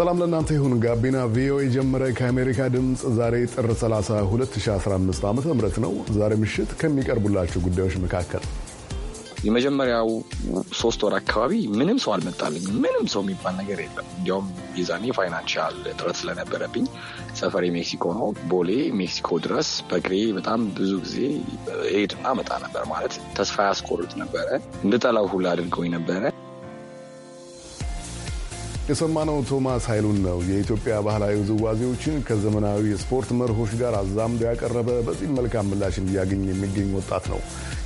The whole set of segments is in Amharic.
ሰላም ለእናንተ ይሁን። ጋቢና ቪኦኤ ጀመረ። ከአሜሪካ ድምፅ ዛሬ ጥር 30 2015 ዓ ም ነው። ዛሬ ምሽት ከሚቀርቡላቸው ጉዳዮች መካከል የመጀመሪያው ሶስት ወር አካባቢ ምንም ሰው አልመጣልኝ። ምንም ሰው የሚባል ነገር የለም። እንዲያውም የዛኔ ፋይናንሻል እጥረት ስለነበረብኝ ሰፈሬ ሜክሲኮ ነው። ቦሌ ሜክሲኮ ድረስ በእግሬ በጣም ብዙ ጊዜ ሄድና መጣ ነበር። ማለት ተስፋ ያስቆርጥ ነበረ። እንድጠላው ሁላ አድርገውኝ ነበረ። የሰማነው ቶማስ ኃይሉን ነው። የኢትዮጵያ ባህላዊ ውዝዋዜዎችን ከዘመናዊ የስፖርት መርሆች ጋር አዛምዶ ያቀረበ በዚህም መልካም ምላሽ እንዲያገኝ የሚገኝ ወጣት ነው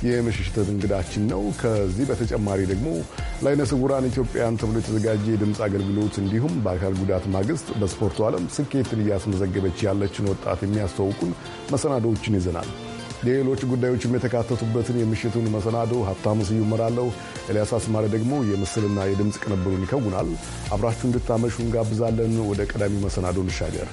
የምሽት እንግዳችን ነው። ከዚህ በተጨማሪ ደግሞ ለዓይነ ስውራን ኢትዮጵያን ተብሎ የተዘጋጀ የድምፅ አገልግሎት እንዲሁም በአካል ጉዳት ማግስት በስፖርቱ ዓለም ስኬትን እያስመዘገበች ያለችን ወጣት የሚያስተዋውቁን መሰናዶዎችን ይዘናል። ሌሎች ጉዳዮችም የተካተቱበትን የምሽቱን መሰናዶ ሀብታሙ ስዩም እመራለሁ። ኤልያስ አስማሪ ደግሞ የምስልና የድምፅ ቅንብሩን ይከውናል። አብራችሁ እንድታመሹ እንጋብዛለን። ወደ ቀዳሚው መሰናዶ እንሻገር።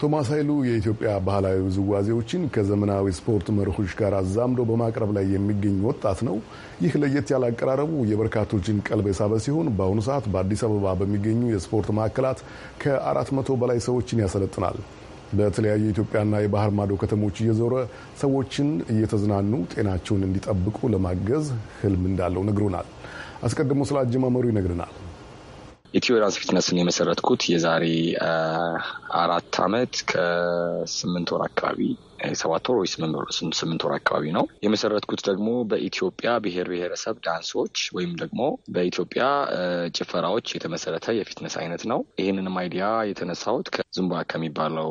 ቶማስ ኃይሉ የኢትዮጵያ ባህላዊ ውዝዋዜዎችን ከዘመናዊ ስፖርት መርሆች ጋር አዛምዶ በማቅረብ ላይ የሚገኝ ወጣት ነው። ይህ ለየት ያለ አቀራረቡ የበርካቶችን ቀልብ የሳበ ሲሆን በአሁኑ ሰዓት በአዲስ አበባ በሚገኙ የስፖርት ማዕከላት ከአራት መቶ በላይ ሰዎችን ያሰለጥናል። በተለያዩ የኢትዮጵያና የባህር ማዶ ከተሞች እየዞረ ሰዎችን እየተዝናኑ ጤናቸውን እንዲጠብቁ ለማገዝ ህልም እንዳለው ነግሮናል። አስቀድሞ ስለ አጀማመሩ ይነግርናል። ኢትዮ ፊትነስን የመሰረትኩት የዛሬ አራት አመት ከስምንት ወር አካባቢ ሰባት ወር ወይ ስምንት ወር አካባቢ ነው የመሰረትኩት። ደግሞ በኢትዮጵያ ብሔር ብሔረሰብ ዳንሶች ወይም ደግሞ በኢትዮጵያ ጭፈራዎች የተመሰረተ የፊትነስ አይነት ነው። ይህንንም አይዲያ የተነሳሁት ከዝምባ ከሚባለው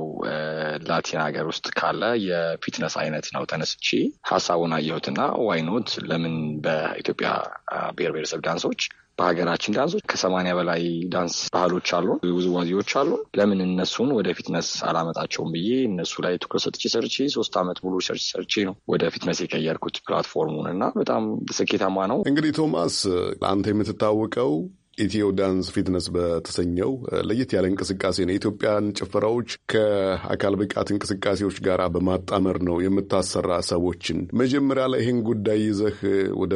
ላቲን ሀገር ውስጥ ካለ የፊትነስ አይነት ነው። ተነስቼ ሀሳቡን አየሁትና ዋይኖት ለምን በኢትዮጵያ ብሔር ብሔረሰብ ዳንሶች በሀገራችን ዳንሶች ከሰማንያ በላይ ዳንስ ባህሎች አሉ፣ ውዝዋዜዎች አሉ። ለምን እነሱን ወደ ፊትነስ አላመጣቸውም ብዬ እነሱ ላይ ትኩረት ሰጥቼ ሰርቼ ሶስት ዓመት ሙሉ ሰርች ሰርቼ ነው ወደ ፊትነስ የቀየርኩት ፕላትፎርሙን እና በጣም ስኬታማ ነው። እንግዲህ ቶማስ ለአንተ የምትታወቀው ኢትዮ ዳንስ ፊትነስ በተሰኘው ለየት ያለ እንቅስቃሴ ነው የኢትዮጵያን ጭፈራዎች ከአካል ብቃት እንቅስቃሴዎች ጋር በማጣመር ነው የምታሰራ ሰዎችን። መጀመሪያ ላይ ይህን ጉዳይ ይዘህ ወደ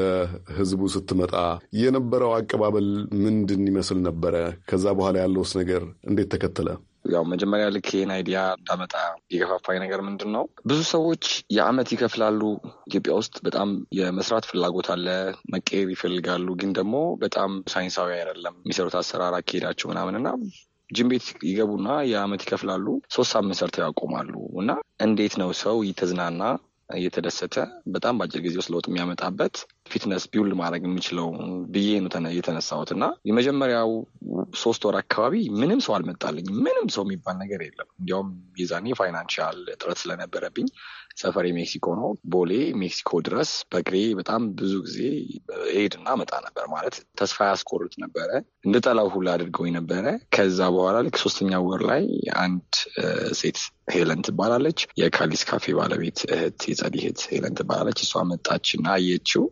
ህዝቡ ስትመጣ የነበረው አቀባበል ምንድን ይመስል ነበረ? ከዛ በኋላ ያለውስ ነገር እንዴት ተከተለ? ያው መጀመሪያ ልክ ይህን አይዲያ እንዳመጣ የገፋፋኝ ነገር ምንድን ነው? ብዙ ሰዎች የአመት ይከፍላሉ። ኢትዮጵያ ውስጥ በጣም የመስራት ፍላጎት አለ፣ መቀየር ይፈልጋሉ። ግን ደግሞ በጣም ሳይንሳዊ አይደለም የሚሰሩት አሰራር አካሄዳቸው ምናምን እና ጅም ቤት ይገቡና የአመት ይከፍላሉ። ሶስት ሳምንት ሰርተው ያቆማሉ። እና እንዴት ነው ሰው ይተዝናና እየተደሰተ በጣም በአጭር ጊዜ ውስጥ ለውጥ የሚያመጣበት ፊትነስ ቢውልድ ማድረግ የሚችለው ብዬ ነው የተነሳሁት እና የመጀመሪያው ሶስት ወር አካባቢ ምንም ሰው አልመጣልኝ። ምንም ሰው የሚባል ነገር የለም። እንዲያውም የዛኔ ፋይናንሻል እጥረት ስለነበረብኝ ሰፈሬ ሜክሲኮ ነው። ቦሌ ሜክሲኮ ድረስ በእግሬ በጣም ብዙ ጊዜ ሄድና መጣ ነበር። ማለት ተስፋ ያስቆርጥ ነበረ። እንደ ሁላ አድርገው ነበረ። ከዛ በኋላ ልክ ሶስተኛ ወር ላይ አንድ ሴት ሄለን ትባላለች። የካሊስ ካፌ ባለቤት እህት የጸድ ሄለን ትባላለች። እሷ መጣች እና አየችው።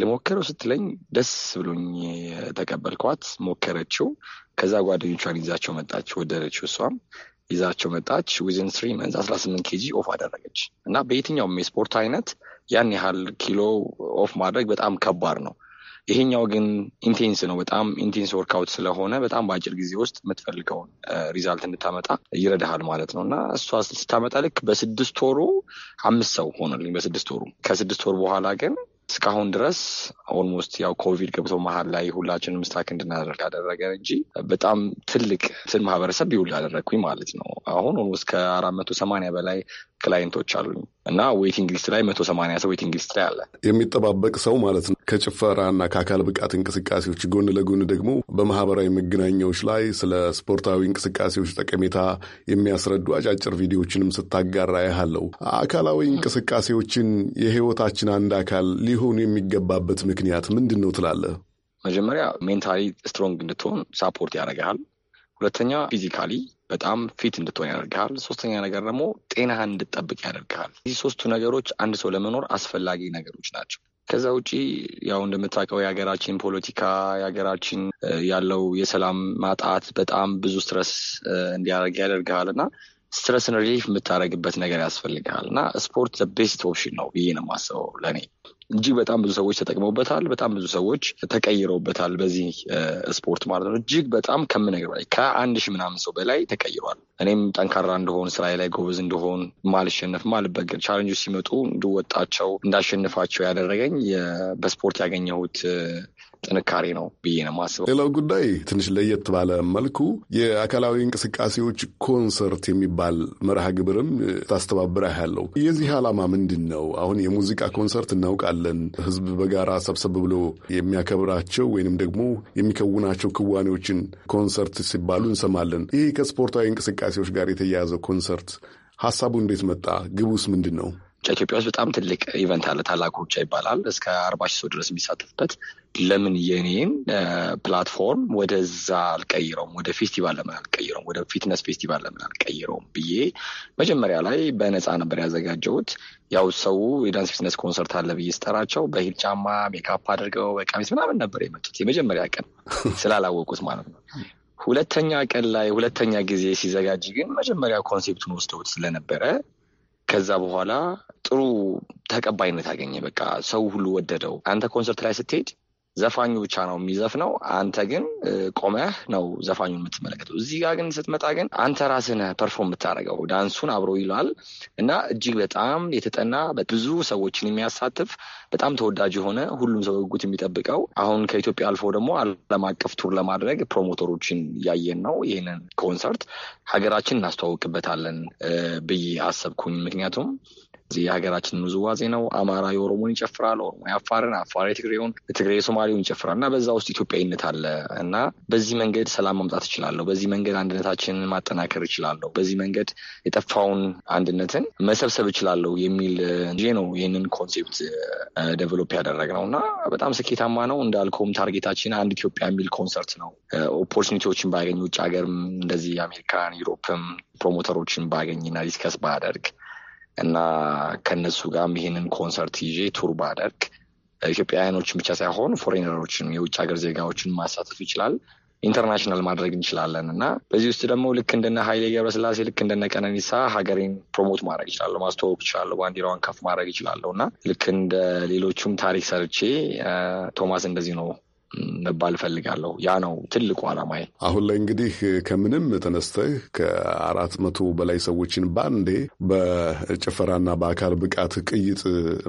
ልሞክረው ስትለኝ ደስ ብሎኝ ተቀበልኳት። ሞከረችው። ከዛ ጓደኞቿን ይዛቸው መጣች። ወደረችው እሷም ይዛቸው መጣች። ዊዝን ስሪ መንዝ አስራ ስምንት ኬጂ ኦፍ አደረገች እና በየትኛውም የስፖርት አይነት ያን ያህል ኪሎ ኦፍ ማድረግ በጣም ከባድ ነው። ይሄኛው ግን ኢንቴንስ ነው። በጣም ኢንቴንስ ወርክአውት ስለሆነ በጣም በአጭር ጊዜ ውስጥ የምትፈልገውን ሪዛልት እንድታመጣ ይረዳሃል ማለት ነው እና እሷ ስታመጣ ልክ በስድስት ወሩ አምስት ሰው ሆነልኝ በስድስት ወሩ ከስድስት ወር በኋላ ግን እስካሁን ድረስ ኦልሞስት ያው ኮቪድ ገብቶ መሀል ላይ ሁላችንም ስታክ እንድናደርግ ያደረገ እንጂ በጣም ትልቅ ትን ማህበረሰብ ቢውል ያደረግኩኝ ማለት ነው። አሁን ኦልሞስት ከአራት መቶ ሰማኒያ በላይ ክላይንቶች አሉኝ እና ዌቲንግ ሊስት ላይ መቶ ሰማኒያ ሰው ዌቲንግ ሊስት ላይ አለ። የሚጠባበቅ ሰው ማለት ነው። ከጭፈራ እና ከአካል ብቃት እንቅስቃሴዎች ጎን ለጎን ደግሞ በማህበራዊ መገናኛዎች ላይ ስለ ስፖርታዊ እንቅስቃሴዎች ጠቀሜታ የሚያስረዱ አጫጭር ቪዲዮዎችንም ስታጋራ ያህለው አካላዊ እንቅስቃሴዎችን የህይወታችን አንድ አካል ሊሆን የሚገባበት ምክንያት ምንድን ነው ትላለህ? መጀመሪያ ሜንታሊ ስትሮንግ እንድትሆን ሳፖርት ያደርግሃል። ሁለተኛ ፊዚካሊ በጣም ፊት እንድትሆን ያደርግሃል። ሶስተኛ ነገር ደግሞ ጤናህን እንድጠብቅ ያደርግሃል። እዚህ ሶስቱ ነገሮች አንድ ሰው ለመኖር አስፈላጊ ነገሮች ናቸው። ከዛ ውጪ ያው እንደምታውቀው የሀገራችን ፖለቲካ የሀገራችን ያለው የሰላም ማጣት በጣም ብዙ ስትረስ እንዲያደርግ ያደርግሃል እና ስትረስን ሪሊፍ የምታደርግበት ነገር ያስፈልግሃል እና ስፖርት ቤስት ኦፕሽን ነው ብዬ ነው የማስበው ለእኔ። እጅግ በጣም ብዙ ሰዎች ተጠቅመውበታል። በጣም ብዙ ሰዎች ተቀይረውበታል በዚህ ስፖርት ማለት ነው። እጅግ በጣም ከምነገር በላይ ከአንድ ሺህ ምናምን ሰው በላይ ተቀይሯል። እኔም ጠንካራ እንደሆን ስራ ላይ ጎበዝ እንደሆን ማልሸነፍ፣ ማልበገር፣ ቻለንጆች ሲመጡ እንድወጣቸው እንዳሸንፋቸው ያደረገኝ በስፖርት ያገኘሁት ጥንካሬ ነው ብዬ ነው ማስበው። ሌላው ጉዳይ ትንሽ ለየት ባለ መልኩ የአካላዊ እንቅስቃሴዎች ኮንሰርት የሚባል መርሃ ግብርም ታስተባብራ ያለው የዚህ ዓላማ ምንድን ነው? አሁን የሙዚቃ ኮንሰርት እናውቃለን። ህዝብ በጋራ ሰብሰብ ብሎ የሚያከብራቸው ወይንም ደግሞ የሚከውናቸው ክዋኔዎችን ኮንሰርት ሲባሉ እንሰማለን። ይህ ከስፖርታዊ እንቅስቃሴዎች ጋር የተያያዘ ኮንሰርት ሀሳቡ እንዴት መጣ? ግቡስ ምንድን ነው? ኢትዮጵያ ውስጥ በጣም ትልቅ ኢቨንት አለ። ታላቁ ሩጫ ይባላል። እስከ አርባ ሺህ ሰው ድረስ የሚሳተፍበት ለምን የኔን ፕላትፎርም ወደዛ አልቀይረውም? ወደ ፌስቲቫል ለምን አልቀይረውም? ወደ ፊትነስ ፌስቲቫል ለምን አልቀይረውም ብዬ መጀመሪያ ላይ በነፃ ነበር ያዘጋጀሁት። ያው ሰው የዳንስ ፊትነስ ኮንሰርት አለ ብዬ ስጠራቸው በሂል ጫማ ሜካፕ አድርገው በቀሚስ ምናምን ነበር የመጡት። የመጀመሪያ ቀን ስላላወቁት ማለት ነው። ሁለተኛ ቀን ላይ ሁለተኛ ጊዜ ሲዘጋጅ ግን መጀመሪያ ኮንሴፕቱን ወስደውት ስለነበረ ከዛ በኋላ ጥሩ ተቀባይነት አገኘ። በቃ ሰው ሁሉ ወደደው። አንተ ኮንሰርት ላይ ስትሄድ ዘፋኙ ብቻ ነው የሚዘፍነው። አንተ ግን ቆመህ ነው ዘፋኙን የምትመለከተው። እዚህ ጋር ግን ስትመጣ ግን አንተ ራስህ ፐርፎርም የምታደርገው። ዳንሱን አብሮ ይሏል እና እጅግ በጣም የተጠና ብዙ ሰዎችን የሚያሳትፍ በጣም ተወዳጅ የሆነ ሁሉም ሰው ጉጉት የሚጠብቀው አሁን ከኢትዮጵያ አልፎ ደግሞ ዓለም አቀፍ ቱር ለማድረግ ፕሮሞተሮችን እያየን ነው። ይህንን ኮንሰርት ሀገራችን እናስተዋውቅበታለን ብዬ አሰብኩኝ። ምክንያቱም የሀገራችን ውዝዋዜ ነው። አማራ የኦሮሞን ይጨፍራል፣ ኦሮሞ የአፋርን፣ አፋር የትግሬውን፣ ትግሬ የሶማሌውን ይጨፍራል እና በዛ ውስጥ ኢትዮጵያዊነት አለ እና በዚህ መንገድ ሰላም ማምጣት እችላለሁ፣ በዚህ መንገድ አንድነታችንን ማጠናከር እችላለሁ፣ በዚህ መንገድ የጠፋውን አንድነትን መሰብሰብ እችላለሁ የሚል እንጂ ነው ይህንን ኮንሴፕት ያደረግ ነው እና በጣም ስኬታማ ነው። እንዳልከውም ታርጌታችን አንድ ኢትዮጵያ የሚል ኮንሰርት ነው። ኦፖርቹኒቲዎችን uh, ባገኝ ውጭ ሀገርም እንደዚህ አሜሪካን፣ ዩሮፕም ፕሮሞተሮችን ባገኝና ዲስከስ ባያደርግ እና ከነሱ ጋርም ይህንን ኮንሰርት ይዤ ቱር ባደርግ ኢትዮጵያውያኖችን ብቻ ሳይሆን ፎሬነሮችን፣ የውጭ ሀገር ዜጋዎችን ማሳተፍ ይችላል ኢንተርናሽናል ማድረግ እንችላለን እና በዚህ ውስጥ ደግሞ ልክ እንደነ ኃይሌ ገብረስላሴ ልክ እንደነ ቀነኒሳ ሀገሬን ፕሮሞት ማድረግ ይችላለሁ፣ ማስተዋወቅ ይችላለሁ፣ ባንዲራዋን ከፍ ማድረግ ይችላለሁ እና ልክ እንደ ሌሎቹም ታሪክ ሰርቼ ቶማስ እንደዚህ ነው መባል እፈልጋለሁ። ያ ነው ትልቁ አላማዬ። አሁን ላይ እንግዲህ ከምንም ተነስተህ ከአራት መቶ በላይ ሰዎችን በአንዴ በጭፈራና በአካል ብቃት ቅይጥ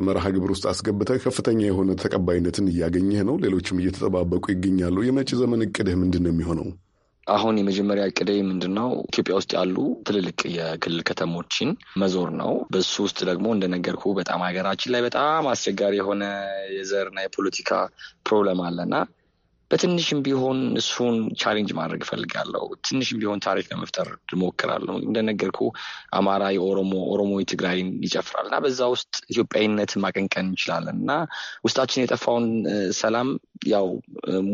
መርሃ ግብር ውስጥ አስገብተህ ከፍተኛ የሆነ ተቀባይነትን እያገኘህ ነው። ሌሎችም እየተጠባበቁ ይገኛሉ። የመጪ ዘመን እቅድህ ምንድን ነው የሚሆነው? አሁን የመጀመሪያ እቅዴ ምንድን ነው? ኢትዮጵያ ውስጥ ያሉ ትልልቅ የክልል ከተሞችን መዞር ነው። በሱ ውስጥ ደግሞ እንደነገርኩ በጣም ሀገራችን ላይ በጣም አስቸጋሪ የሆነ የዘርና የፖለቲካ ፕሮብለም አለና በትንሽም ቢሆን እሱን ቻሌንጅ ማድረግ እፈልጋለሁ። ትንሽም ቢሆን ታሪክ ለመፍጠር እሞክራለሁ። እንደነገርኩ አማራ የኦሮሞ ኦሮሞ የትግራይን ይጨፍራል እና በዛ ውስጥ ኢትዮጵያዊነት ማቀንቀን እንችላለን እና ውስጣችን የጠፋውን ሰላም ያው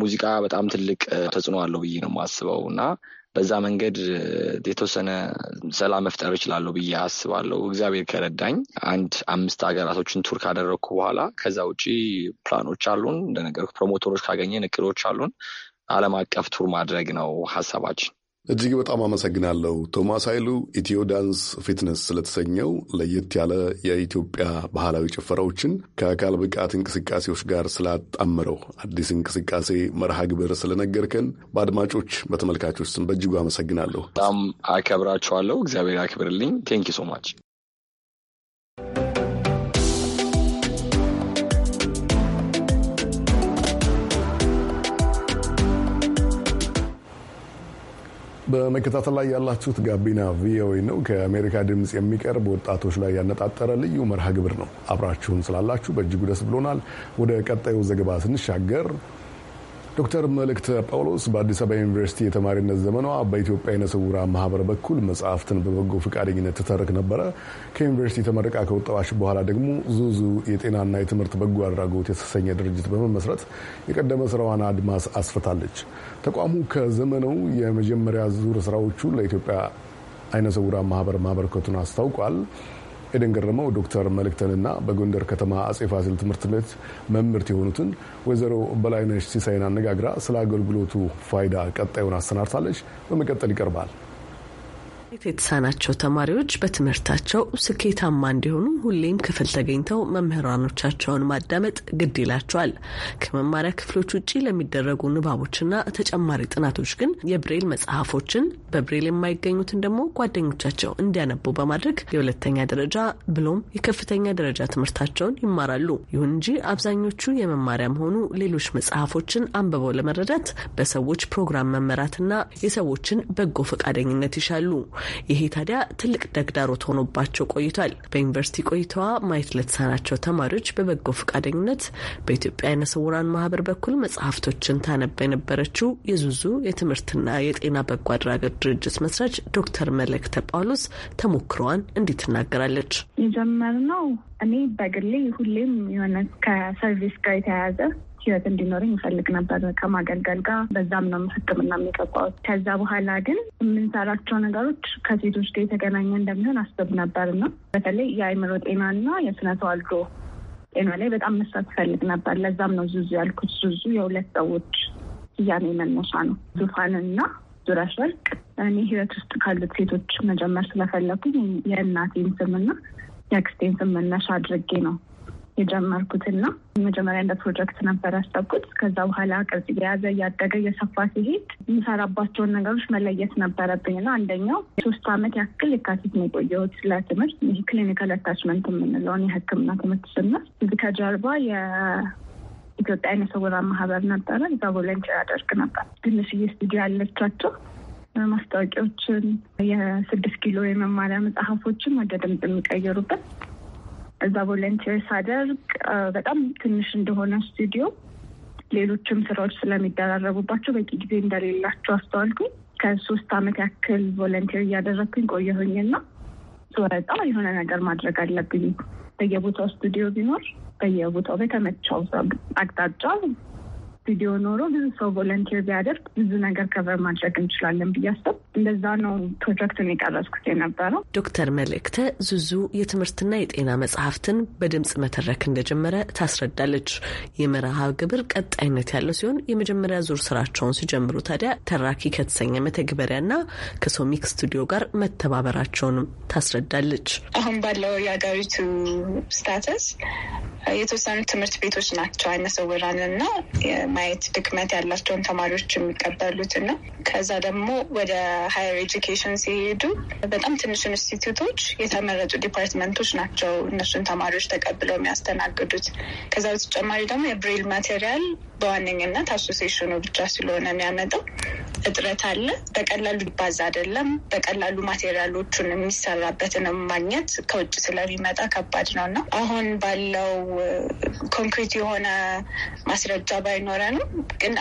ሙዚቃ በጣም ትልቅ ተጽዕኖ አለው ብዬ ነው የማስበው እና በዛ መንገድ የተወሰነ ሰላም መፍጠር እችላለሁ ብዬ አስባለሁ። እግዚአብሔር ከረዳኝ አንድ አምስት ሀገራቶችን ቱር ካደረግኩ በኋላ ከዛ ውጭ ፕላኖች አሉን። እንደነገርኩ ፕሮሞተሮች ካገኘን እቅዶች አሉን። ዓለም አቀፍ ቱር ማድረግ ነው ሀሳባችን። እጅግ በጣም አመሰግናለሁ ቶማስ ኃይሉ። ኢትዮ ዳንስ ፊትነስ ስለተሰኘው ለየት ያለ የኢትዮጵያ ባህላዊ ጭፈራዎችን ከአካል ብቃት እንቅስቃሴዎች ጋር ስላጣምረው አዲስ እንቅስቃሴ መርሃ ግብር ስለነገርከን በአድማጮች በተመልካቾች ስም በእጅጉ አመሰግናለሁ። በጣም አከብራችኋለሁ። እግዚአብሔር አክብርልኝ። ቴንኪ ሶማች በመከታተል ላይ ያላችሁት ጋቢና ቪኦኤ ነው። ከአሜሪካ ድምፅ የሚቀርብ ወጣቶች ላይ ያነጣጠረ ልዩ መርሃ ግብር ነው። አብራችሁን ስላላችሁ በእጅጉ ደስ ብሎናል። ወደ ቀጣዩ ዘገባ ስንሻገር ዶክተር መልእክተ ጳውሎስ በአዲስ አበባ ዩኒቨርሲቲ የተማሪነት ዘመኗ በኢትዮጵያ አይነ ስውራ ማህበር በኩል መጽሐፍትን በበጎ ፈቃደኝነት ትተርክ ነበረ። ከዩኒቨርሲቲ ተመረቃ ከወጣች በኋላ ደግሞ ዙዙ የጤናና የትምህርት በጎ አድራጎት የተሰኘ ድርጅት በመመስረት የቀደመ ስራዋን አድማስ አስፍታለች። ተቋሙ ከዘመነው የመጀመሪያ ዙር ስራዎቹ ለኢትዮጵያ አይነ ስውራ ማህበር ማበርከቱን አስታውቋል። ኤደን ገረመው ዶክተር መልክተንና በጎንደር ከተማ አጼ ፋሲል ትምህርት ቤት መምህርት የሆኑትን ወይዘሮ በላይነሽ ሲሳይን አነጋግራ ስለ አገልግሎቱ ፋይዳ ቀጣዩን አሰናድታለች። በመቀጠል ይቀርባል። የተሳናቸው ተማሪዎች በትምህርታቸው ስኬታማ እንዲሆኑ ሁሌም ክፍል ተገኝተው መምህራኖቻቸውን ማዳመጥ ግድ ይላቸዋል። ከመማሪያ ክፍሎች ውጭ ለሚደረጉ ንባቦችና ተጨማሪ ጥናቶች ግን የብሬል መጽሐፎችን በብሬል የማይገኙትን ደግሞ ጓደኞቻቸው እንዲያነቡ በማድረግ የሁለተኛ ደረጃ ብሎም የከፍተኛ ደረጃ ትምህርታቸውን ይማራሉ። ይሁን እንጂ አብዛኞቹ የመማሪያም ሆኑ ሌሎች መጽሐፎችን አንብበው ለመረዳት በሰዎች ፕሮግራም መመራትና የሰዎችን በጎ ፈቃደኝነት ይሻሉ። ይሄ ታዲያ ትልቅ ተግዳሮት ሆኖባቸው ቆይቷል። በዩኒቨርሲቲ ቆይታዋ ማየት ለተሳናቸው ተማሪዎች በበጎ ፈቃደኝነት በኢትዮጵያ አይነ ስውራን ማህበር በኩል መጽሐፍቶችን ታነባ የነበረችው የዙዙ የትምህርትና የጤና በጎ አድራጎት ድርጅት መስራች ዶክተር መለክተ ጳውሎስ ተሞክሮዋን እንዲህ ትናገራለች። የጀመርነው እኔ በግሌ ሁሌም የሆነ ከሰርቪስ ጋር የተያያዘ ህይወት እንዲኖረኝ ይፈልግ ነበር ከማገልገል ጋር። በዛም ነው ህክምና የሚገባው። ከዛ በኋላ ግን የምንሰራቸው ነገሮች ከሴቶች ጋር የተገናኘ እንደሚሆን አስብ ነበር ነው በተለይ ጤና ጤናና የስነ ተዋልዶ ጤና ላይ በጣም መስራት ይፈልግ ነበር። ለዛም ነው ዙዙ ያልኩት። ዙዙ የሁለት ሰዎች ስያሜ መነሻ ነው። ና ዙረሽ ወርቅ እኔ ህይወት ውስጥ ካሉት ሴቶች መጀመር ስለፈለጉ የእናቴን ስምና የክስቴን ስም መነሻ አድርጌ ነው የጀመርኩትና መጀመሪያ እንደ ፕሮጀክት ነበር ያሰብኩት። ከዛ በኋላ ቅርጽ የያዘ እያደገ እየሰፋ ሲሄድ የሚሰራባቸውን ነገሮች መለየት ነበረብኝና አንደኛው ሶስት ዓመት ያክል የካቲት ነው የቆየሁት ለትምህርት ይህ ክሊኒካል አታችመንት የምንለውን የህክምና ትምህርት ስናል እዚህ ከጀርባ የኢትዮጵያ አይነ ስውራን ማህበር ነበረ። እዛ ቮለንቲር አደርግ ነበር ትንሽዬ ስቱዲዮ ያለቻቸው ማስታወቂያዎችን፣ የስድስት ኪሎ የመማሪያ መጽሐፎችን ወደ ድምፅ የሚቀይሩበት እዛ ቮለንቲር ሳደርግ በጣም ትንሽ እንደሆነ ስቱዲዮ ሌሎችም ስራዎች ስለሚደራረቡባቸው በቂ ጊዜ እንደሌላቸው አስተዋልኩኝ። ከሶስት አመት ያክል ቮለንቲር እያደረግኩኝ ቆየሁኝና ስወጣ የሆነ ነገር ማድረግ አለብኝ። በየቦታው ስቱዲዮ ቢኖር በየቦታው በተመቻው አቅጣጫ ቪዲዮ ኖሮ ብዙ ሰው ቮለንቲር ቢያደርግ ብዙ ነገር ከበር ማድረግ እንችላለን ብያስብ እንደዛ ነው ፕሮጀክትን የቀረጽኩት የነበረው። ዶክተር መልእክተ ዙዙ የትምህርትና የጤና መጽሐፍትን በድምፅ መተረክ እንደጀመረ ታስረዳለች። የመርሃ ግብር ቀጣይነት ያለው ሲሆን የመጀመሪያ ዙር ስራቸውን ሲጀምሩ ታዲያ ተራኪ ከተሰኘ መተግበሪያና ከሶሚክ ስቱዲዮ ጋር መተባበራቸውንም ታስረዳለች። አሁን ባለው የሀገሪቱ ስታተስ የተወሰኑ ትምህርት ቤቶች ናቸው አይነ ስውራንና የማየት ድክመት ያላቸውን ተማሪዎች የሚቀበሉት እና ከዛ ደግሞ ወደ ሀየር ኤጁኬሽን ሲሄዱ በጣም ትንሽ ኢንስቲትዩቶች የተመረጡ ዲፓርትመንቶች ናቸው እነሱን ተማሪዎች ተቀብለው የሚያስተናግዱት። ከዛ በተጨማሪ ደግሞ የብሬል ማቴሪያል በዋነኝነት አሶሲሽኑ ብቻ ስለሆነ የሚያመጣው እጥረት አለ። በቀላሉ ሊባዛ አይደለም። በቀላሉ ማቴሪያሎቹን የሚሰራበትንም ማግኘት ከውጭ ስለሚመጣ ከባድ ነው እና አሁን ባለው ኮንክሪት የሆነ ማስረጃ ባይኖረንም ግን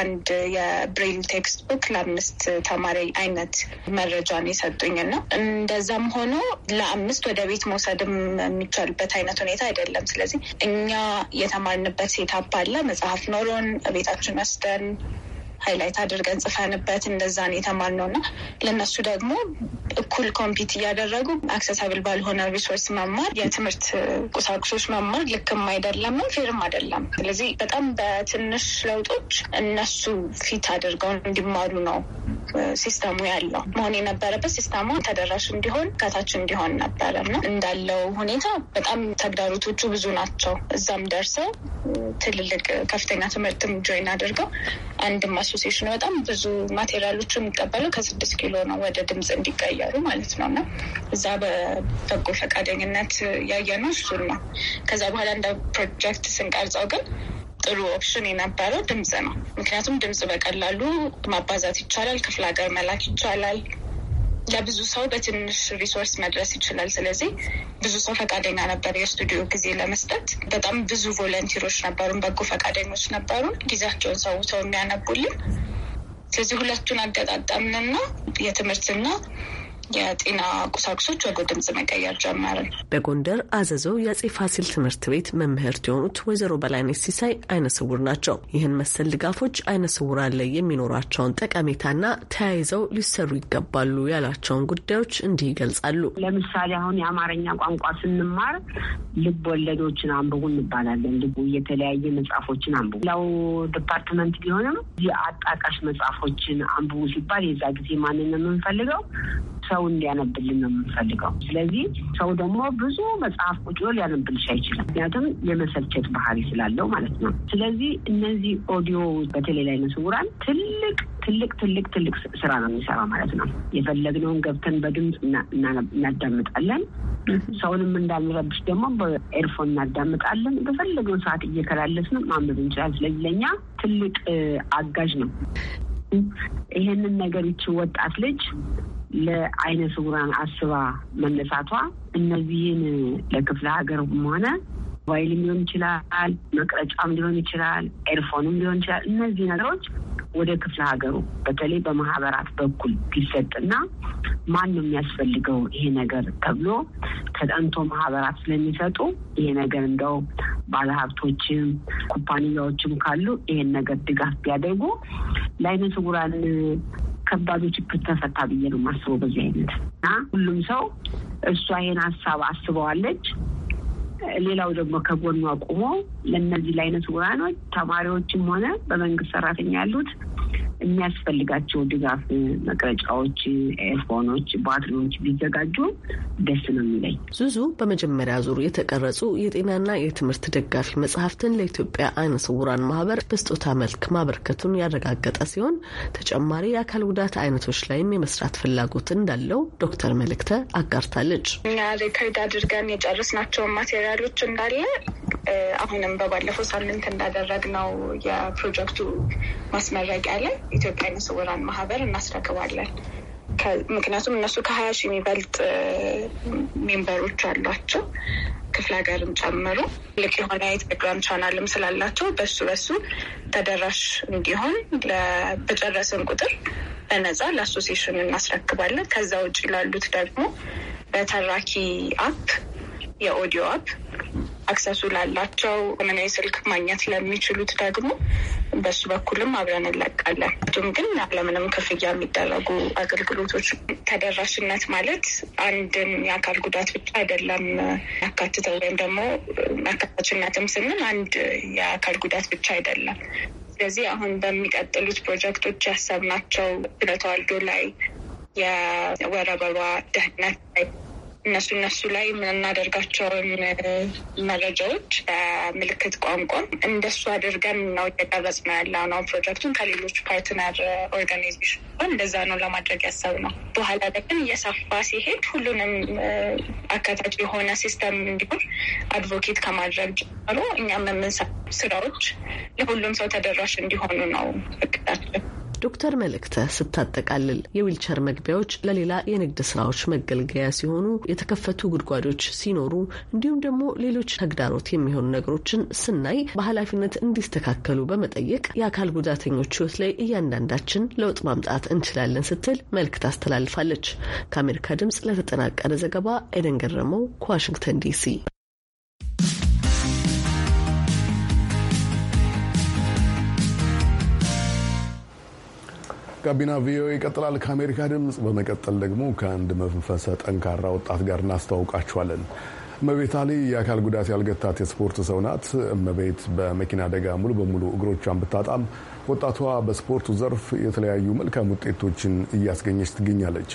አንድ የብሬል ቴክስት ቡክ ለአምስት ተማሪ አይነት መረጃ ነው የሰጡኝ እና እንደዛም ሆኖ ለአምስት ወደ ቤት መውሰድም የሚቻልበት አይነት ሁኔታ አይደለም። ስለዚህ እኛ የተማርንበት ሴታፕ አለ መጽሐፍ ኖሮን ቤታችን ወስደን ሃይላይት አድርገን ጽፈንበት እንደዛን ነው እና ለእነሱ ደግሞ እኩል ኮምፒት እያደረጉ አክሰሳብል ባልሆነ ሪሶርስ መማር የትምህርት ቁሳቁሶች መማር ልክም አይደለም፣ ፌርም አይደለም። ስለዚህ በጣም በትንሽ ለውጦች እነሱ ፊት አድርገው እንዲማሩ ነው ሲስተሙ ያለው መሆን የነበረበት ሲስተሙ ተደራሽ እንዲሆን ከታች እንዲሆን ነበረ እና እንዳለው ሁኔታ በጣም ተግዳሮቶቹ ብዙ ናቸው። እዛም ደርሰው ትልልቅ ከፍተኛ ትምህርትም ጆይን አድርገው አንድም አሶሲሽን በጣም ብዙ ማቴሪያሎች የሚቀበለው ከስድስት ኪሎ ነው ወደ ድምፅ እንዲቀየሩ ማለት ነው። እና እዛ በበጎ ፈቃደኝነት ያየነው እሱን ነው። ከዛ በኋላ እንደ ፕሮጀክት ስንቀርጸው ግን ጥሩ ኦፕሽን የነበረው ድምፅ ነው። ምክንያቱም ድምፅ በቀላሉ ማባዛት ይቻላል፣ ክፍለ ሀገር መላክ ይቻላል። ለብዙ ሰው በትንሽ ሪሶርስ መድረስ ይችላል። ስለዚህ ብዙ ሰው ፈቃደኛ ነበር የስቱዲዮ ጊዜ ለመስጠት። በጣም ብዙ ቮለንቲሮች ነበሩን፣ በጎ ፈቃደኞች ነበሩን ጊዜያቸውን ሰውተው የሚያነቡልን። ስለዚህ ሁለቱን አገጣጣምንና የትምህርትና የጤና ቁሳቁሶች ወደ ድምጽ መቀየር ጀመርን። በጎንደር አዘዞ የአጼ ፋሲል ትምህርት ቤት መምህርት የሆኑት ወይዘሮ በላይነት ሲሳይ አይነ ስውር ናቸው። ይህን መሰል ድጋፎች አይነ ስውራን ላይ የሚኖራቸውን ጠቀሜታና ተያይዘው ሊሰሩ ይገባሉ ያላቸውን ጉዳዮች እንዲህ ይገልጻሉ። ለምሳሌ አሁን የአማርኛ ቋንቋ ስንማር ልብ ወለዶችን አንብቡ እንባላለን። ልቡ የተለያየ መጽሐፎችን አንብቡ ለው ዲፓርትመንት ቢሆንም የአጣቃሽ መጽሐፎችን አንብቡ ሲባል የዛ ጊዜ ማንን የምንፈልገው ሰው እንዲያነብልን ነው የምንፈልገው። ስለዚህ ሰው ደግሞ ብዙ መጽሐፍ ቁጭ ብሎ ሊያነብልሽ አይችልም። ምክንያቱም የመሰልቸት ባህሪ ስላለው ማለት ነው። ስለዚህ እነዚህ ኦዲዮ በተለይ ላይ ስውራን ትልቅ ትልቅ ትልቅ ትልቅ ስራ ነው የሚሰራ ማለት ነው። የፈለግነውን ገብተን በድምፅ እናዳምጣለን። ሰውንም እንዳንረብሽ ደግሞ በኤርፎን እናዳምጣለን። በፈለግነው ሰዓት እየከላለስን ማንበብ እንችላል። ስለዚህ ለእኛ ትልቅ አጋዥ ነው። ይሄንን ነገር ይቺ ወጣት ልጅ ለአይነ ስውራን አስባ መነሳቷ እነዚህን ለክፍለ ሀገርም ሆነ ሞባይልም ሊሆን ይችላል፣ መቅረጫም ሊሆን ይችላል፣ ኤርፎንም ሊሆን ይችላል። እነዚህ ነገሮች ወደ ክፍለ ሀገሩ በተለይ በማህበራት በኩል ቢሰጥና ማን ነው የሚያስፈልገው ይሄ ነገር ተብሎ ተጠንቶ ማህበራት ስለሚሰጡ ይሄ ነገር እንደው ባለሀብቶችም ኩባንያዎችም ካሉ ይሄን ነገር ድጋፍ ቢያደርጉ ለአይነ ስውራን ከባዱ ችግር ተፈታ ብዬ ነው የማስበው። በዚህ አይነት እና ሁሉም ሰው እሷ ይህን ሀሳብ አስበዋለች። ሌላው ደግሞ ከጎኗ ቁሞ ለእነዚህ ለአይነት ውራኖች ተማሪዎችም ሆነ በመንግስት ሰራተኛ ያሉት የሚያስፈልጋቸው ድጋፍ መቅረጫዎች፣ ኤርፎኖች፣ ባትሪዎች ቢዘጋጁ ደስ ነው የሚለኝ። ዙዙ በመጀመሪያ ዙር የተቀረጹ የጤናና የትምህርት ደጋፊ መጽሐፍትን ለኢትዮጵያ አይነ ስውራን ማህበር በስጦታ መልክ ማበርከቱን ያረጋገጠ ሲሆን ተጨማሪ የአካል ጉዳት አይነቶች ላይም የመስራት ፍላጎት እንዳለው ዶክተር መልእክተ አጋርታለች። እኛ ሪከርድ አድርገን የጨረስናቸውን ማቴሪያሎች እንዳለ አሁንም በባለፈው ሳምንት እንዳደረግነው የፕሮጀክቱ ማስመረቂያ ላይ ኢትዮጵያ አይነ ስውራን ማህበር እናስረክባለን። ምክንያቱም እነሱ ከሀያ ሺህ የሚበልጥ ሜምበሮች አሏቸው ክፍለ ሀገርም ጨምሮ ልክ የሆነ የቴሌግራም ቻናልም ስላላቸው በሱ በሱ ተደራሽ እንዲሆን በጨረስን ቁጥር በነፃ ለአሶሴሽን እናስረክባለን። ከዛ ውጭ ላሉት ደግሞ በተራኪ አፕ የኦዲዮ አፕ አክሰሱ ላላቸው ዘመናዊ ስልክ ማግኘት ለሚችሉት ደግሞ በሱ በኩልም አብረን እንለቃለን። እቱም ግን ያለምንም ክፍያ የሚደረጉ አገልግሎቶች ተደራሽነት ማለት አንድን የአካል ጉዳት ብቻ አይደለም ያካትተው ወይም ደግሞ አካታችነትም ስንል አንድ የአካል ጉዳት ብቻ አይደለም። ስለዚህ አሁን በሚቀጥሉት ፕሮጀክቶች ያሰብናቸው ስለ ተዋልዶ ላይ የወረበሯ ደህንነት ላይ እነሱ እነሱ ላይ የምናደርጋቸውን መረጃዎች በምልክት ቋንቋም እንደሱ አድርገን ነው እየቀረጽ ነው ያለ ነው። ፕሮጀክቱን ከሌሎች ፓርትነር ኦርጋናይዜሽን እንደዛ ነው ለማድረግ ያሰብ ነው። በኋላ ግን እየሰፋ ሲሄድ ሁሉንም አካታች የሆነ ሲስተም እንዲሆን አድቮኬት ከማድረግ ጀምሮ እኛም የምንሰራው ስራዎች ለሁሉም ሰው ተደራሽ እንዲሆኑ ነው እቅዳችን። ዶክተር መልእክተ ስታጠቃልል የዊልቸር መግቢያዎች ለሌላ የንግድ ስራዎች መገልገያ ሲሆኑ የተከፈቱ ጉድጓዶች ሲኖሩ እንዲሁም ደግሞ ሌሎች ተግዳሮት የሚሆኑ ነገሮችን ስናይ በኃላፊነት እንዲስተካከሉ በመጠየቅ የአካል ጉዳተኞች ህይወት ላይ እያንዳንዳችን ለውጥ ማምጣት እንችላለን ስትል መልእክት አስተላልፋለች። ከአሜሪካ ድምጽ ለተጠናቀረ ዘገባ ኤደን ገረመው ከዋሽንግተን ዲሲ ጋቢና ቪኦኤ ይቀጥላል። ከአሜሪካ ድምፅ በመቀጠል ደግሞ ከአንድ መንፈሰ ጠንካራ ወጣት ጋር እናስተዋውቃችኋለን። እመቤት አሊ የአካል ጉዳት ያልገታት የስፖርት ሰው ናት። እመቤት በመኪና አደጋ ሙሉ በሙሉ እግሮቿን ብታጣም ወጣቷ በስፖርቱ ዘርፍ የተለያዩ መልካም ውጤቶችን እያስገኘች ትገኛለች።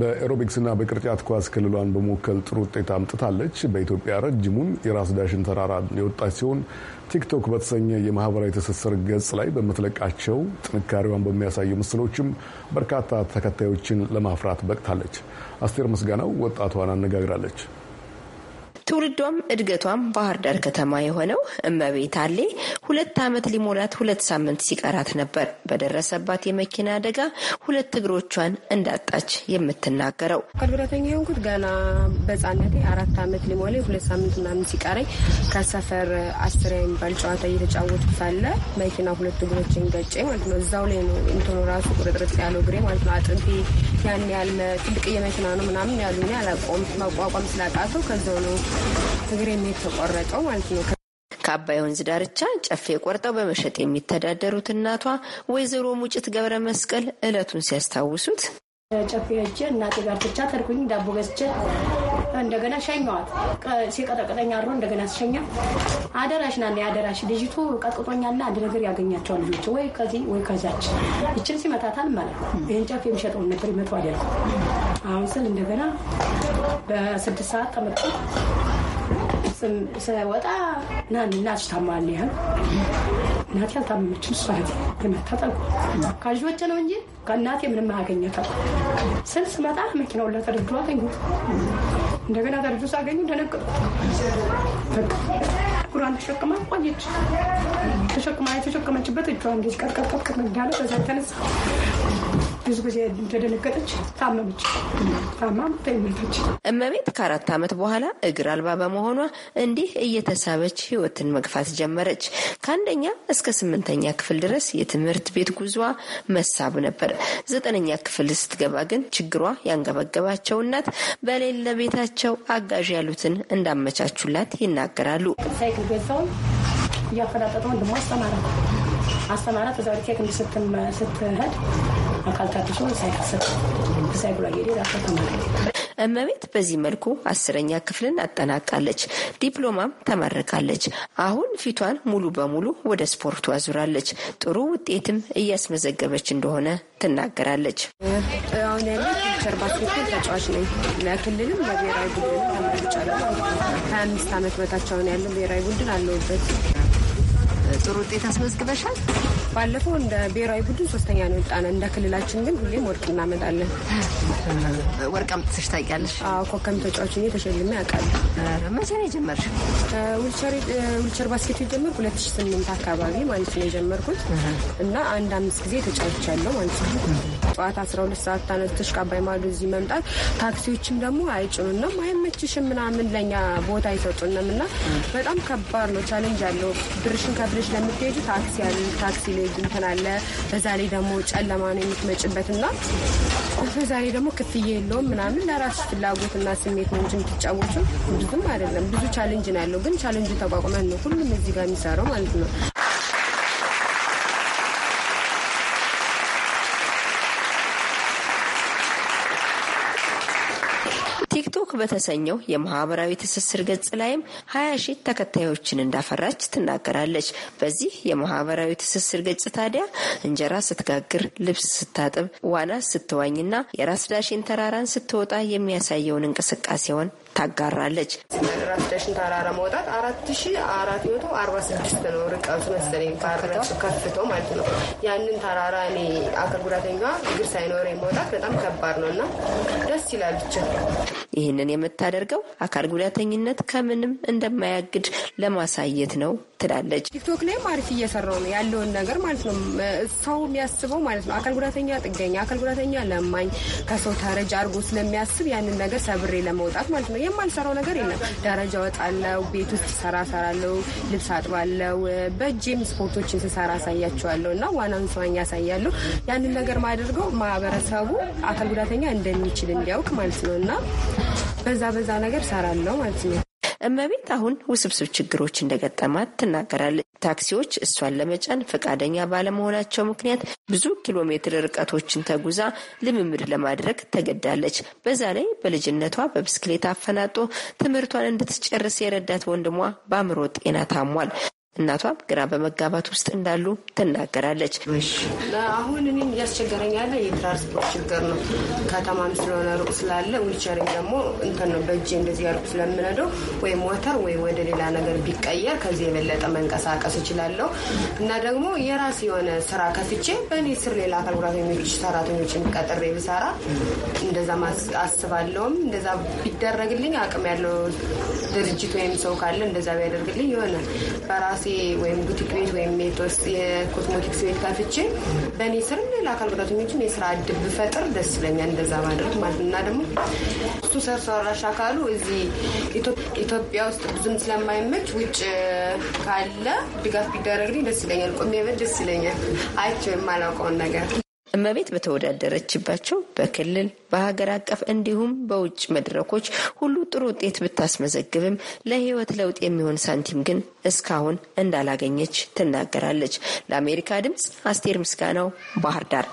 በኤሮቢክስና በቅርጫት ኳስ ክልሏን በመወከል ጥሩ ውጤት አምጥታለች። በኢትዮጵያ ረጅሙን የራስ ዳሽን ተራራ የወጣች ሲሆን ቲክቶክ በተሰኘ የማህበራዊ ትስስር ገጽ ላይ በምትለቃቸው ጥንካሬዋን በሚያሳዩ ምስሎችም በርካታ ተከታዮችን ለማፍራት በቅታለች። አስቴር ምስጋናው ወጣቷን አነጋግራለች። ትውልዷም እድገቷም ባህር ዳር ከተማ የሆነው እመቤት አሌ ሁለት ዓመት ሊሞላት ሁለት ሳምንት ሲቀራት ነበር በደረሰባት የመኪና አደጋ ሁለት እግሮቿን እንዳጣች የምትናገረው። አካል ጉዳተኛ የሆንኩት ገና በሕፃነቴ አራት ዓመት ሊሞላ ሁለት ሳምንት ምናምን ሲቀረኝ ከሰፈር አስር የሚባል ጨዋታ እየተጫወትኩ ሳለ መኪና ሁለት እግሮችን ገጬ ማለት ነው። እዛው ላይ ነው እንትኑ ራሱ ቁርጥርጥ ያለው እግሬ ማለት ነው። አጥንቴ ያን ያህል ትልቅ የመኪና ነው ምናምን ያሉኝ አላቆም መቋቋም ስላቃተው ከዛው ነው ትግሬም የተቆረጠው ማለት ነው። ከአባይ ወንዝ ዳርቻ ጨፌ ቆርጠው በመሸጥ የሚተዳደሩት እናቷ ወይዘሮ ሙጭት ገብረ መስቀል እለቱን ሲያስታውሱት ጨፌ ሄጄ እናቴ ጋር ብቻ ተርኩኝ ዳቦ ገዝቼ እንደገና ሸኘዋት። ሲቀጠቅጠኝ አድሮ እንደገና ሲሸኘ አደራሽ ና አደራሽ ልጅቱ ቀጥቅጦኛና አንድ ነገር ያገኛቸዋል ልጆች ወይ ከዚህ ወይ ከዛች ይችን ሲመታታል ማለት ይህን ጨፌ የሚሸጠውን ነበር ይመጡ አደልኩ አሁን ስል እንደገና በስድስት ሰዓት ተመጡ ስለወጣ ና እናት እናቴ አልታመመችም። እሷ ከልጆች ነው እንጂ ከእናቴ ምንም አያገኘታል ስል ስመጣ መኪናው አገኙ። እንደገና ተረዱ ሳገኙ ተሸክማ ቆየች። ተሸክማ በተኛችበት እጇ እንደዚህ ቀጥቀጥቀጥ እንዳለ በዛ የተነሳ ብዙ ጊዜ እንደደነገጠች ታመመች። ታማም ተይመልታች እመቤት ከአራት ዓመት በኋላ እግር አልባ በመሆኗ እንዲህ እየተሳበች ህይወትን መግፋት ጀመረች። ከአንደኛ እስከ ስምንተኛ ክፍል ድረስ የትምህርት ቤት ጉዟ መሳብ ነበር። ዘጠነኛ ክፍል ስትገባ ግን ችግሯ ያንገበገባቸው እናት በሌለ ቤታቸው አጋዥ ያሉትን እንዳመቻቹላት ይናገራሉ። ሳይክል ገዛውን እያፈላጠጠ ወንድሟ አስተማረ። አስተማራት በዛ ወደ ቴክኒክ ስትሄድ አካል ታድሶ ሳይከሰት ሳይጉላ እየሄደ ራሷ ተማሪ እመቤት በዚህ መልኩ አስረኛ ክፍልን አጠናቃለች። ዲፕሎማም ተመርቃለች። አሁን ፊቷን ሙሉ በሙሉ ወደ ስፖርቱ አዙራለች። ጥሩ ውጤትም እያስመዘገበች እንደሆነ ትናገራለች። አሁን ያለ ፒቸር ባስኬትቦል ተጫዋች ነኝ። ለክልልም ለብሔራዊ ቡድን ተመርጫለሁ። ከአምስት ዓመት በታች አሁን ያለ ብሔራዊ ቡድን አለውበት ጥሩ ውጤት አስመዝግበሻል። ባለፈው እንደ ብሔራዊ ቡድን ሶስተኛ ነው የወጣነ። እንደ ክልላችን ግን ሁሌም ወርቅ እናመጣለን። ወርቅ አምጥተሽ ታውቂያለሽ? ኮከም ተጫዋች ኔ ተሸልሜ አውቃለሁ። መቼ ነው የጀመርሽው? ዊልቸር ባስኬቱ የጀመርኩ ሁለት ሺህ አካባቢ ማለት ነው የጀመርኩት እና አንድ አምስት ጊዜ ተጫውቻለሁ ማለት ነው። ጠዋት 12 ሰዓት ተነስተሽ ከአባይ ማዶ እዚህ መምጣት ታክሲዎችም ደግሞ አይጭኑንም፣ አይመችሽም ምናምን ለእኛ ቦታ አይሰጡንም እና በጣም ከባድ ነው። ቻሌንጅ አለው። ብርሽን ከብርሽ ለምትሄጁ ታክሲ ያሉ ታክሲ ላይ እንትን አለ። በዛ ላይ ደግሞ ጨለማ ነው የምትመጭበት እና በዛ ላይ ደግሞ ክፍያ የለውም ምናምን ለራስሽ ፍላጎትና ስሜት ነው እንጂ የምትጫወቱ ብዙም አይደለም። ብዙ ቻሌንጅ ነው ያለው፣ ግን ቻሌንጁ ተቋቁመን ነው ሁሉም እዚህ ጋር የሚሰራው ማለት ነው። ፌስቡክ በተሰኘው የማህበራዊ ትስስር ገጽ ላይም ሀያ ሺ ተከታዮችን እንዳፈራች ትናገራለች። በዚህ የማህበራዊ ትስስር ገጽ ታዲያ እንጀራ ስትጋግር፣ ልብስ ስታጥብ፣ ዋና ስትዋኝና የራስ ዳሽን ተራራን ስትወጣ የሚያሳየውን እንቅስቃሴውን ታጋራለች። ራፍዳሽን ተራራ መውጣት አራት ሺ አራት መቶ አርባ ስድስት ነው ርቀቱ መሰለኝ ከፍቶ ማለት ነው። ያንን ተራራ እኔ አካል ጉዳተኛ እግር ሳይኖረኝ መውጣት በጣም ከባድ ነው እና ደስ ይላል ብቻ ይህንን የምታደርገው አካል ጉዳተኝነት ከምንም እንደማያግድ ለማሳየት ነው ትላለች። ቲክቶክ ላይም አሪፍ እየሰራው ነው ያለውን ነገር ማለት ነው። ሰው የሚያስበው ማለት ነው አካል ጉዳተኛ ጥገኛ፣ አካል ጉዳተኛ ለማኝ፣ ከሰው ተረጅ አድርጎ ስለሚያስብ ያንን ነገር ሰብሬ ለመውጣት ማለት ነው ነገር የማልሰራው ነገር የለም። ደረጃ ወጣለው፣ ቤት ውስጥ ሰራ ሰራለው፣ ልብስ አጥባለው፣ በእጅም ስፖርቶችን ስሰራ አሳያቸዋለሁ እና ዋና ንስዋኝ ያሳያለሁ። ያንን ነገር ማደርገው ማህበረሰቡ አካል ጉዳተኛ እንደሚችል እንዲያውቅ ማለት ነው እና በዛ በዛ ነገር ሰራለው ማለት ነው። እመቤት አሁን ውስብስብ ችግሮች እንደገጠማት ትናገራለች። ታክሲዎች እሷን ለመጫን ፈቃደኛ ባለመሆናቸው ምክንያት ብዙ ኪሎ ሜትር ርቀቶችን ተጉዛ ልምምድ ለማድረግ ተገዳለች። በዛ ላይ በልጅነቷ በብስክሌት አፈናጦ ትምህርቷን እንድትጨርስ የረዳት ወንድሟ በአእምሮ ጤና ታሟል። እናቷም ግራ በመጋባት ውስጥ እንዳሉ ትናገራለች። አሁን እኔም እያስቸገረኝ ያለ የትራንስፖርት ችግር ነው። ከተማም ስለሆነ ሩቅ ስላለ ዊልቸሪም ደግሞ እንትን ነው በእጄ እንደዚህ ያርቁ ስለምነደው ወይ ሞተር ወይ ወደ ሌላ ነገር ቢቀየር ከዚህ የበለጠ መንቀሳቀስ እችላለሁ እና ደግሞ የራስ የሆነ ስራ ከፍቼ በእኔ ስር ሌላ አካል ጉዳተኞች ሰራተኞችን ቀጥሬ ብሰራ እንደዛ አስባለሁም። እንደዛ ቢደረግልኝ አቅም ያለው ድርጅት ወይም ሰው ካለ እንደዛ ቢያደርግልኝ የሆነ የራሴ ወይም ቡቲክ ቤት ወይም የኮስሞቲክስ ቤት ከፍቼ በእኔ ስር ለአካል ጉዳተኞችም የስራ እድል ብፈጥር ደስ ይለኛል። እንደዛ ማድረግ ማለት እና ደግሞ እሱ ሰው ሰራሽ አካሉ እዚህ ኢትዮጵያ ውስጥ ብዙም ስለማይመች ውጭ ካለ ድጋፍ ቢደረግልኝ ደስ ይለኛል። ቆሜበት ደስ ይለኛል። አይቼው የማላውቀውን ነገር እመቤት በተወዳደረችባቸው በክልል በሀገር አቀፍ እንዲሁም በውጭ መድረኮች ሁሉ ጥሩ ውጤት ብታስመዘግብም ለሕይወት ለውጥ የሚሆን ሳንቲም ግን እስካሁን እንዳላገኘች ትናገራለች። ለአሜሪካ ድምፅ አስቴር ምስጋናው ባህር ዳር።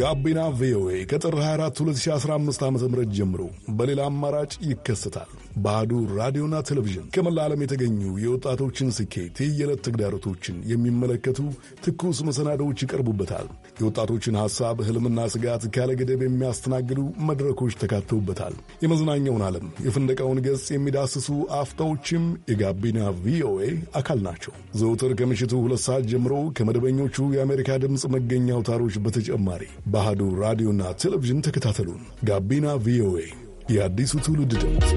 ጋቢና ቪኦኤ ከጥር 24 2015 ዓ ም ጀምሮ በሌላ አማራጭ ይከሰታል። ባህዱ ራዲዮና ቴሌቪዥን ከመላ ዓለም የተገኙ የወጣቶችን ስኬት፣ የየዕለት ተግዳሮቶችን የሚመለከቱ ትኩስ መሰናዶዎች ይቀርቡበታል። የወጣቶችን ሐሳብ፣ ሕልምና ስጋት ካለ ገደብ የሚያስተናግዱ መድረኮች ተካተውበታል። የመዝናኛውን ዓለም፣ የፍንደቃውን ገጽ የሚዳስሱ አፍታዎችም የጋቢና ቪኦኤ አካል ናቸው። ዘውትር ከምሽቱ ሁለት ሰዓት ጀምሮ ከመደበኞቹ የአሜሪካ ድምፅ መገኛ አውታሮች በተጨማሪ በአህዱ ራዲዮና ቴሌቪዥን ተከታተሉን። ጋቢና ቪኦኤ የአዲሱ ትውልድ ድምፅ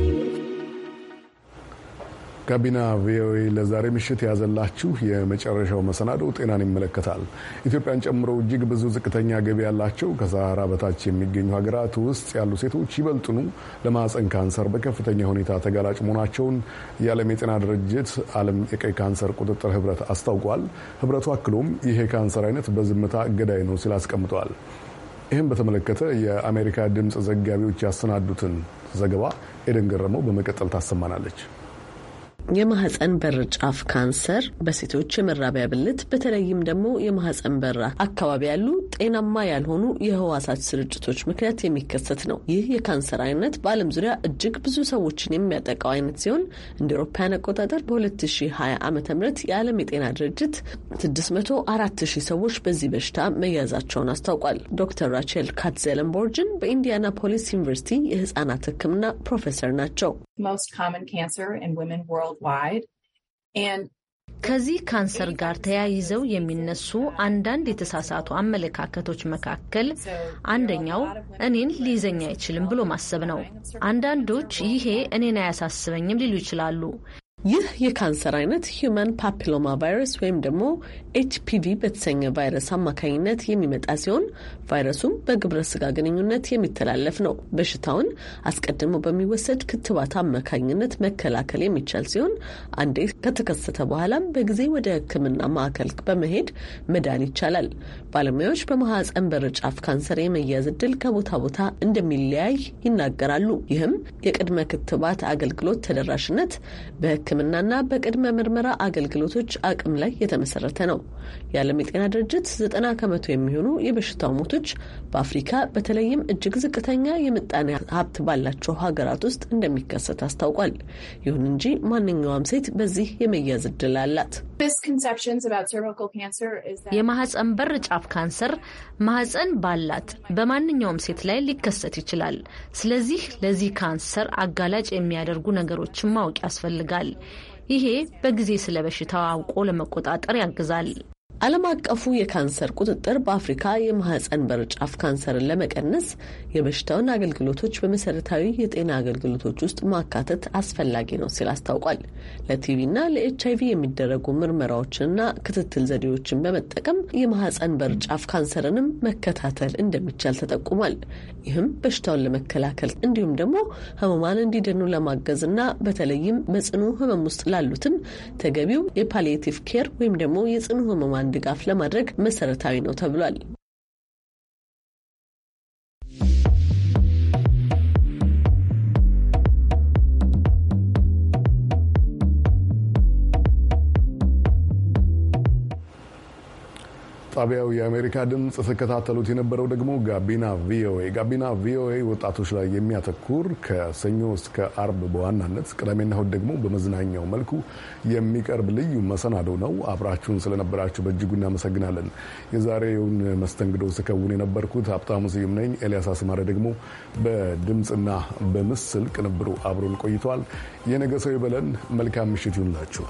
ጋቢና ቪኦኤ ለዛሬ ምሽት የያዘላችሁ የመጨረሻው መሰናዶ ጤናን ይመለከታል። ኢትዮጵያን ጨምሮ እጅግ ብዙ ዝቅተኛ ገቢ ያላቸው ከሰሃራ በታች የሚገኙ ሀገራት ውስጥ ያሉ ሴቶች ይበልጥኑ ለማህፀን ካንሰር በከፍተኛ ሁኔታ ተጋላጭ መሆናቸውን የዓለም የጤና ድርጅት ዓለም የቀይ ካንሰር ቁጥጥር ህብረት አስታውቋል። ህብረቱ አክሎም ይሄ ካንሰር አይነት በዝምታ ገዳይ ነው ሲል አስቀምጠዋል። ይህም በተመለከተ የአሜሪካ ድምፅ ዘጋቢዎች ያሰናዱትን ዘገባ ኤደን ገረመው በመቀጠል ታሰማናለች። የማህፀን በር ጫፍ ካንሰር በሴቶች የመራቢያ ብልት በተለይም ደግሞ የማህፀን በር አካባቢ ያሉ ጤናማ ያልሆኑ የህዋሳት ስርጭቶች ምክንያት የሚከሰት ነው። ይህ የካንሰር አይነት በዓለም ዙሪያ እጅግ ብዙ ሰዎችን የሚያጠቃው አይነት ሲሆን እንደ አውሮፓውያን አቆጣጠር በ2020 ዓ ም የዓለም የጤና ድርጅት 604 ሺህ ሰዎች በዚህ በሽታ መያዛቸውን አስታውቋል። ዶክተር ራቼል ካትዘለንቦርጅን በኢንዲያናፖሊስ ዩኒቨርሲቲ የህጻናት ህክምና ፕሮፌሰር ናቸው። most common cancer in women worldwide. And ከዚህ ካንሰር ጋር ተያይዘው የሚነሱ አንዳንድ የተሳሳቱ አመለካከቶች መካከል አንደኛው እኔን ሊይዘኝ አይችልም ብሎ ማሰብ ነው። አንዳንዶች uh, ይሄ እኔን አያሳስበኝም ሊሉ ይችላሉ። ይህ የካንሰር አይነት ሂዩማን ፓፒሎማ ቫይረስ ወይም ደግሞ ኤችፒቪ በተሰኘ ቫይረስ አማካኝነት የሚመጣ ሲሆን ቫይረሱም በግብረ ስጋ ግንኙነት የሚተላለፍ ነው። በሽታውን አስቀድሞ በሚወሰድ ክትባት አማካኝነት መከላከል የሚቻል ሲሆን አንዴ ከተከሰተ በኋላም በጊዜ ወደ ሕክምና ማዕከል በመሄድ መዳን ይቻላል። ባለሙያዎች በመሐፀን በር ጫፍ ካንሰር የመያዝ እድል ከቦታ ቦታ እንደሚለያይ ይናገራሉ። ይህም የቅድመ ክትባት አገልግሎት ተደራሽነት በሕክምና በሕክምናና በቅድመ ምርመራ አገልግሎቶች አቅም ላይ የተመሰረተ ነው። የዓለም የጤና ድርጅት ዘጠና ከመቶ የሚሆኑ የበሽታው ሞቶች በአፍሪካ በተለይም እጅግ ዝቅተኛ የምጣኔ ሀብት ባላቸው ሀገራት ውስጥ እንደሚከሰት አስታውቋል። ይሁን እንጂ ማንኛውም ሴት በዚህ የመያዝ እድል አላት። የማህፀን በር ጫፍ ካንሰር ማህፀን ባላት በማንኛውም ሴት ላይ ሊከሰት ይችላል። ስለዚህ ለዚህ ካንሰር አጋላጭ የሚያደርጉ ነገሮችን ማወቅ ያስፈልጋል። ይሄ በጊዜ ስለ በሽታው አውቆ ለመቆጣጠር ያግዛል። ዓለም አቀፉ የካንሰር ቁጥጥር በአፍሪካ የማህፀን በር ጫፍ ካንሰርን ለመቀነስ የበሽታውን አገልግሎቶች በመሰረታዊ የጤና አገልግሎቶች ውስጥ ማካተት አስፈላጊ ነው ሲል አስታውቋል። ለቲቪና ለኤች አይቪ የሚደረጉ ምርመራዎችንና ክትትል ዘዴዎችን በመጠቀም የማህፀን በር ጫፍ ካንሰርንም መከታተል እንደሚቻል ተጠቁሟል። ይህም በሽታውን ለመከላከል እንዲሁም ደግሞ ህመማን እንዲደኑ ለማገዝ በተለይም በጽኑ ህመም ውስጥ ላሉትም ተገቢው የፓሊቲቭ ኬር ወይም ደግሞ የጽኑ ህመማን ድጋፍ ለማድረግ መሰረታዊ ነው ተብሏል። ጣቢያው የአሜሪካ ድምፅ ስከታተሉት የነበረው ደግሞ ጋቢና ቪኦኤ። ጋቢና ቪኦኤ ወጣቶች ላይ የሚያተኩር ከሰኞ እስከ አርብ በዋናነት ቅዳሜና እሁድ ደግሞ በመዝናኛው መልኩ የሚቀርብ ልዩ መሰናዶ ነው። አብራችሁን ስለነበራችሁ በእጅጉ እናመሰግናለን። የዛሬውን መስተንግዶ ስከውን የነበርኩት ሀብታሙ ስዩም ነኝ። ኤልያስ አስማረ ደግሞ በድምፅና በምስል ቅንብሩ አብሮን ቆይተዋል የነገ ሰው ይበለን። መልካም ምሽት ይሁንላችሁ።